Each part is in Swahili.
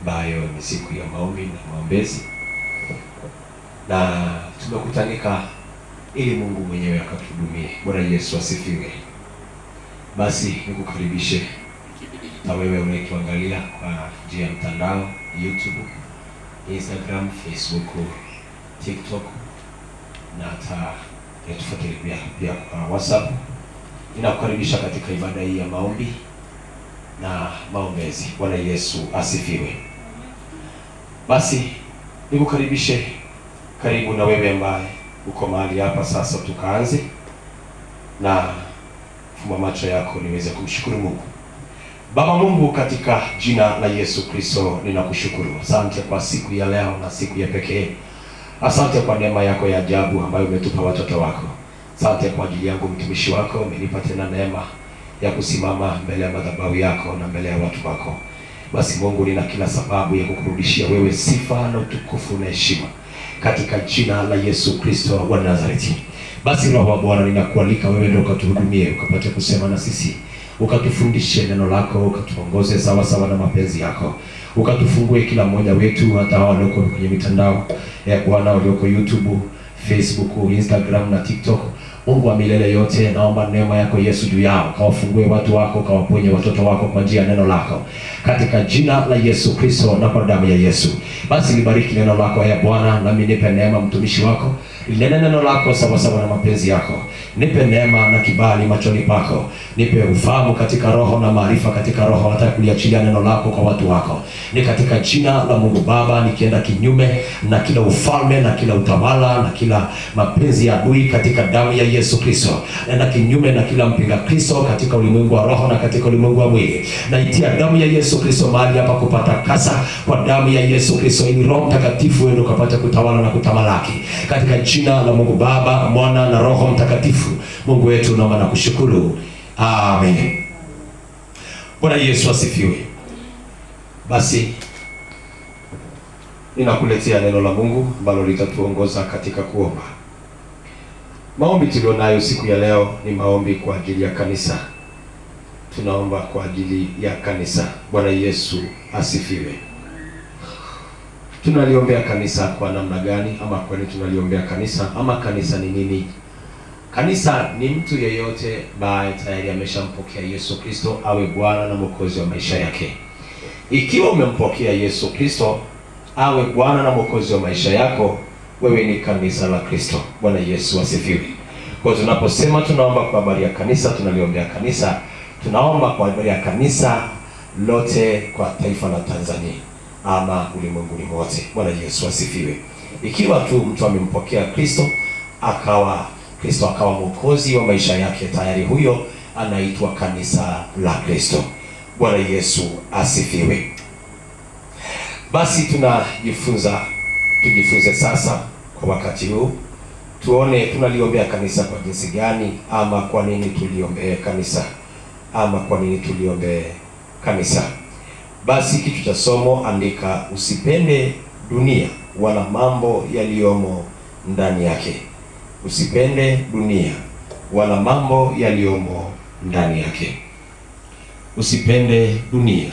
ambayo ni siku ya maombi na maombezi, na tumekutanika ili Mungu mwenyewe akatuhudumie. Bwana Yesu asifiwe. Basi nikukaribishe na wewe unayetuangalia kwa njia ya mtandao YouTube, Instagram, Facebook, TikTok na hata pia pia kwa WhatsApp. Ninakukaribisha katika ibada hii ya maombi na maombezi. Bwana Yesu asifiwe. Basi nikukaribishe karibu na wewe ambaye uko mahali hapa sasa, tukaanze na fuma macho yako niweze kumshukuru Mungu. Baba Mungu, katika jina la Yesu Kristo ninakushukuru. Asante kwa siku ya leo na siku ya pekee. Asante kwa neema yako ya ajabu ambayo umetupa watoto wako. Asante kwa ajili yangu mtumishi wako, umenipa tena neema ya kusimama mbele ya madhabahu yako na mbele ya watu wako basi Mungu nina kila sababu ya kukurudishia wewe sifa na utukufu na heshima katika jina la Yesu Kristo wa Nazareti. Basi Roho wa Bwana, ninakualika wewe ndio ukatuhudumie, ukapate kusema na sisi, ukatufundishe neno lako, ukatuongoze sawa sawa na mapenzi yako, ukatufungue kila mmoja wetu, hata hao walioko kwenye mitandao ya eh, Bwana, walioko YouTube, Facebook, Instagram na TikTok Mungu wa milele yote, naomba neema yako Yesu juu yao, kawafungue watu wako, kawaponye watoto wako kwa njia ya neno lako, katika jina la Yesu Kristo na kwa damu ya Yesu. Basi libariki neno lako, haya ee Bwana, nami nipe neema mtumishi wako linena neno lako sawasawa na mapenzi yako. Nipe neema na kibali machoni pako, nipe ufahamu katika roho na maarifa katika roho. Nataka kuliachilia neno lako kwa watu wako, ni katika jina la Mungu Baba, nikienda kinyume na kila ufalme na kila utawala na kila mapenzi ya adui katika damu ya Yesu Kristo. Naenda kinyume na kila mpinga Kristo katika ulimwengu wa roho na katika ulimwengu wa mwili, naitia damu ya Yesu Kristo mahali hapa kupata kasa kwa damu ya Yesu Kristo, ili Roho Mtakatifu wewe ukapata kutawala na kutamalaki katika jina jina la Mungu Baba, Mwana na Roho Mtakatifu. Mungu wetu, naomba na kushukuru. Amen. Bwana Yesu asifiwe. Basi ninakuletea neno la Mungu ambalo litatuongoza katika kuomba. Maombi tulionayo siku ya leo ni maombi kwa ajili ya kanisa. Tunaomba kwa ajili ya kanisa. Bwana Yesu asifiwe tunaliombea kanisa kwa namna gani, ama kweli tunaliombea kanisa ama kanisa ni nini? Kanisa ni mtu yeyote ambaye tayari ameshampokea Yesu Kristo awe Bwana na Mwokozi wa maisha yake. Ikiwa umempokea Yesu Kristo awe Bwana na Mwokozi wa maisha yako, wewe ni kanisa la Kristo. Bwana Yesu asifiwe. Kwa tunaposema tunaomba kwa habari ya kanisa, tunaliombea kanisa, tunaomba kwa habari ya kanisa lote kwa taifa la Tanzania ama ulimwenguni mote. Bwana Yesu asifiwe. Ikiwa tu mtu amempokea Kristo akawa Kristo akawa mwokozi wa maisha yake, tayari huyo anaitwa kanisa la Kristo. Bwana Yesu asifiwe. Basi tunajifunza tujifunze sasa kwa wakati huu tuone tunaliombea kanisa kwa jinsi gani, ama kwa nini tuliombee kanisa, ama kwa nini tuliombee kanisa. Basi kitu cha somo, andika usipende dunia wala mambo yaliyomo ndani yake. Usipende dunia wala mambo yaliyomo ndani yake. Usipende dunia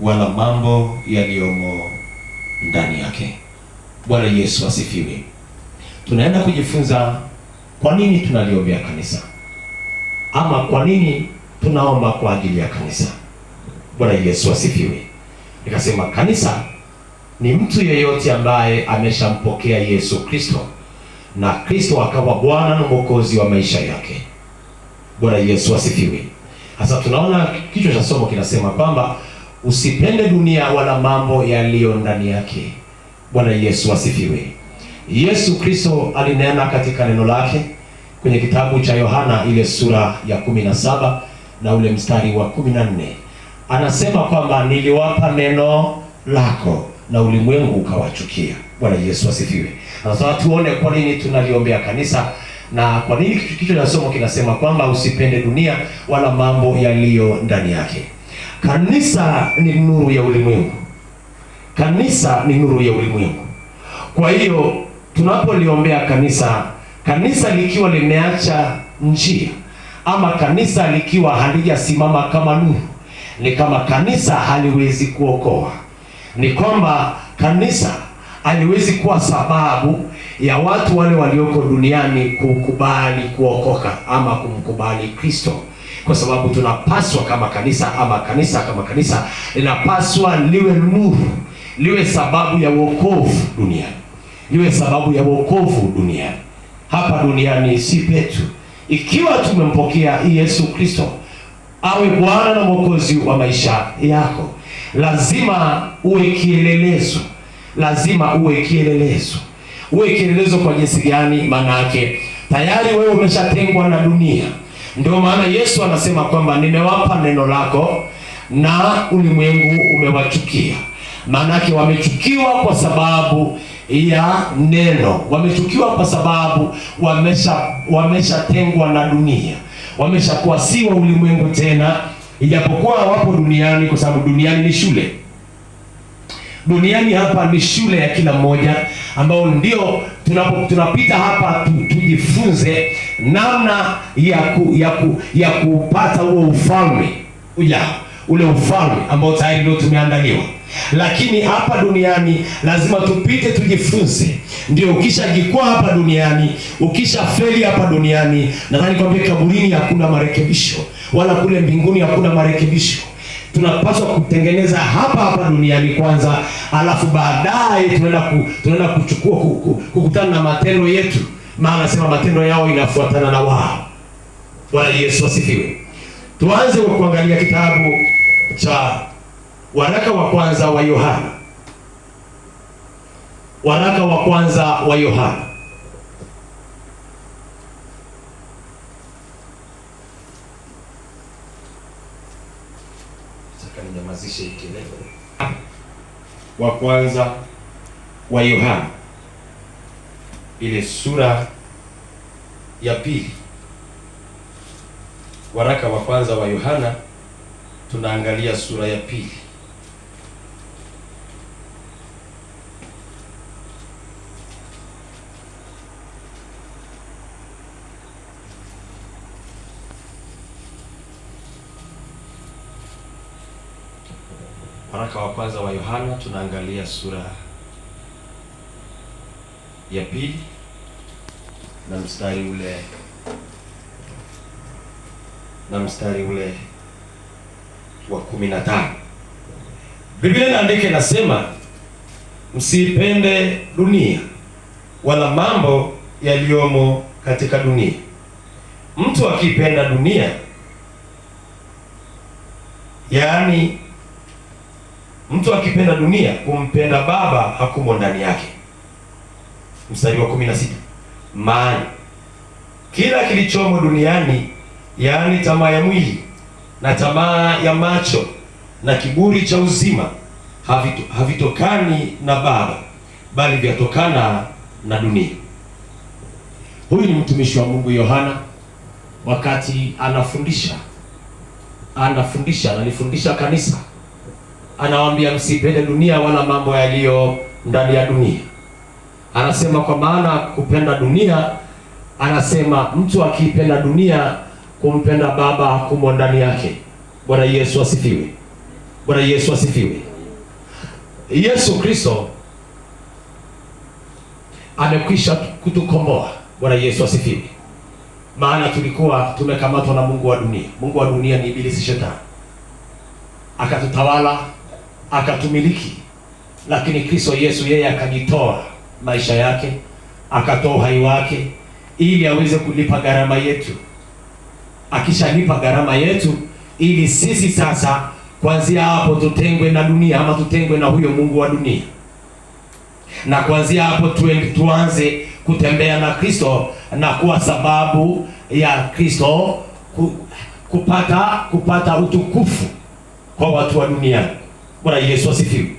wala mambo yaliyomo ndani yake. Bwana Yesu asifiwe. Tunaenda kujifunza kwa nini tunaliombea kanisa ama kwa nini tunaomba kwa ajili ya kanisa. Bwana Yesu asifiwe. Nikasema kanisa ni mtu yeyote ambaye ameshampokea Yesu Kristo na Kristo akawa Bwana na Mwokozi wa maisha yake. Bwana Yesu asifiwe. Sasa tunaona kichwa cha somo kinasema kwamba usipende dunia wala mambo yaliyo ndani yake. Bwana Yesu asifiwe. Yesu Kristo alinena katika neno lake kwenye kitabu cha Yohana ile sura ya 17 na ule mstari wa 14 anasema kwamba niliwapa neno lako na ulimwengu ukawachukia. Bwana Yesu asifiwe. Sasa tuone kwa nini tunaliombea kanisa na kwa nini kichwa cha somo kinasema kwamba usipende dunia wala mambo yaliyo ndani yake. Kanisa ni nuru ya ulimwengu. Kanisa ni nuru ya ulimwengu. Kwa hiyo tunapoliombea kanisa, kanisa likiwa limeacha njia ama kanisa likiwa halijasimama kama nuru ni kama kanisa haliwezi kuokoa, ni kwamba kanisa haliwezi kuwa sababu ya watu wale walioko duniani kukubali kuokoka ama kumkubali Kristo, kwa sababu tunapaswa kama kanisa ama kanisa kama kanisa linapaswa liwe nuru, liwe sababu ya wokovu duniani, liwe sababu ya wokovu duniani, hapa duniani si petu. Ikiwa tumempokea Yesu Kristo awe Bwana na Mwokozi wa maisha yako. Lazima uwe kielelezo, lazima uwe kielelezo. Uwe kielelezo kwa jinsi gani? Maana yake tayari wewe umeshatengwa na dunia. Ndio maana Yesu anasema kwamba nimewapa neno lako na ulimwengu umewachukia. Maanake wamechukiwa kwa sababu ya neno, wamechukiwa kwa sababu wamesha wameshatengwa na dunia wameshakuwa si wa ulimwengu tena, ijapokuwa wapo duniani, kwa sababu duniani ni shule. Duniani hapa ni shule ya kila mmoja, ambao ndio tunapo tunapita hapa tu, tujifunze namna ya ku, ya ku, ya kupata huo ufalme ujao, ule ufalme ambao tayari ndio tumeandaliwa lakini hapa duniani lazima tupite, tujifunze. Ndio ukishajikwaa hapa duniani, ukisha feli hapa duniani, nadhani kwambia kaburini hakuna marekebisho, wala kule mbinguni hakuna marekebisho. Tunapaswa kutengeneza hapa hapa duniani kwanza, alafu baadaye tunaenda ku, tunaenda kuchukua kukutana na matendo yetu, maana anasema matendo yao inafuatana na wao. Bwana Yesu asifiwe. Tuanze kwa kuangalia kitabu cha Waraka wa kwanza wa Yohana, waraka wa kwanza wa Yohana Wa kwanza wa Yohana ile sura ya pili, waraka wa kwanza wa Yohana tunaangalia sura ya pili. Waraka wa kwanza wa Yohana tunaangalia sura ya pili na mstari ule na mstari ule wa kumi na tano. Biblia inaandika inasema, msipende dunia wala mambo yaliyomo katika dunia. Mtu akipenda dunia, yaani Mtu akipenda dunia, kumpenda Baba hakumo ndani yake. Mstari wa kumi na sita maana kila kilichomo duniani, yaani tamaa ya mwili na tamaa ya macho na kiburi cha uzima havito, havitokani na Baba bali vyatokana na dunia. Huyu ni mtumishi wa Mungu Yohana, wakati anafundisha anafundisha analifundisha kanisa anawaambia msipende dunia wala mambo yaliyo ndani ya dunia. Anasema kwa maana kupenda dunia, anasema mtu akiipenda dunia, kumpenda Baba hakumo ndani yake. Bwana Yesu asifiwe! Bwana Yesu asifiwe! Yesu Kristo amekwisha kutukomboa. Bwana Yesu asifiwe! Maana tulikuwa tumekamatwa na mungu wa dunia. Mungu wa dunia ni Ibilisi Shetani, akatutawala akatumiliki, lakini Kristo Yesu yeye akajitoa maisha yake, akatoa uhai wake ili aweze kulipa gharama yetu. Akishalipa gharama yetu, ili sisi sasa kuanzia hapo tutengwe na dunia ama tutengwe na huyo Mungu wa dunia, na kuanzia hapo tuanze kutembea na Kristo na kuwa sababu ya Kristo kupata kupata utukufu kwa watu wa dunia. Bwana Yesu asifiwe.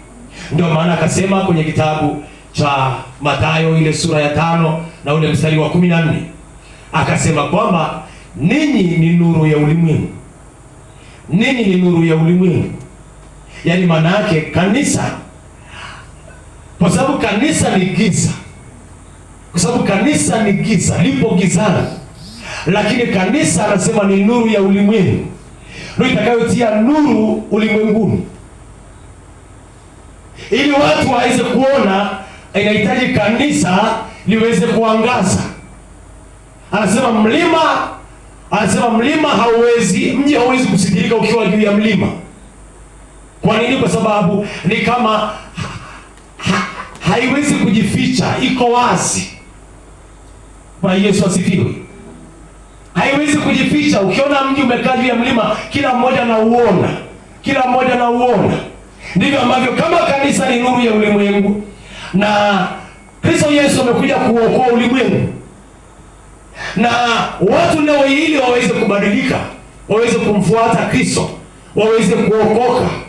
Ndio maana akasema kwenye kitabu cha Mathayo ile sura ya tano na ule mstari wa kumi na nne akasema kwamba ninyi ni nuru ya ulimwengu, ninyi ni nuru ya ulimwengu. Yaani maana yake kanisa, kwa sababu kanisa ni giza, kwa sababu kanisa ni giza, lipo gizani, lakini kanisa anasema ni nuru ya ulimwengu, ndio itakayotia nuru ulimwenguni ili watu waweze kuona. Inahitaji kanisa liweze kuangaza. Anasema mlima, anasema mlima hauwezi, mji hauwezi kusikilika ukiwa juu ya mlima. Kwa nini? Kwa sababu ni kama ha, haiwezi kujificha, iko wazi. Bwana Yesu asifiwe. Haiwezi kujificha. Ukiona mji umekaa juu ya mlima, kila mmoja anauona, kila mmoja anauona. Ndivyo ambavyo kama kanisa ni nuru ya ulimwengu na Kristo Yesu amekuja kuokoa ulimwengu, na watu nao ili waweze kubadilika, waweze kumfuata Kristo, waweze kuokoka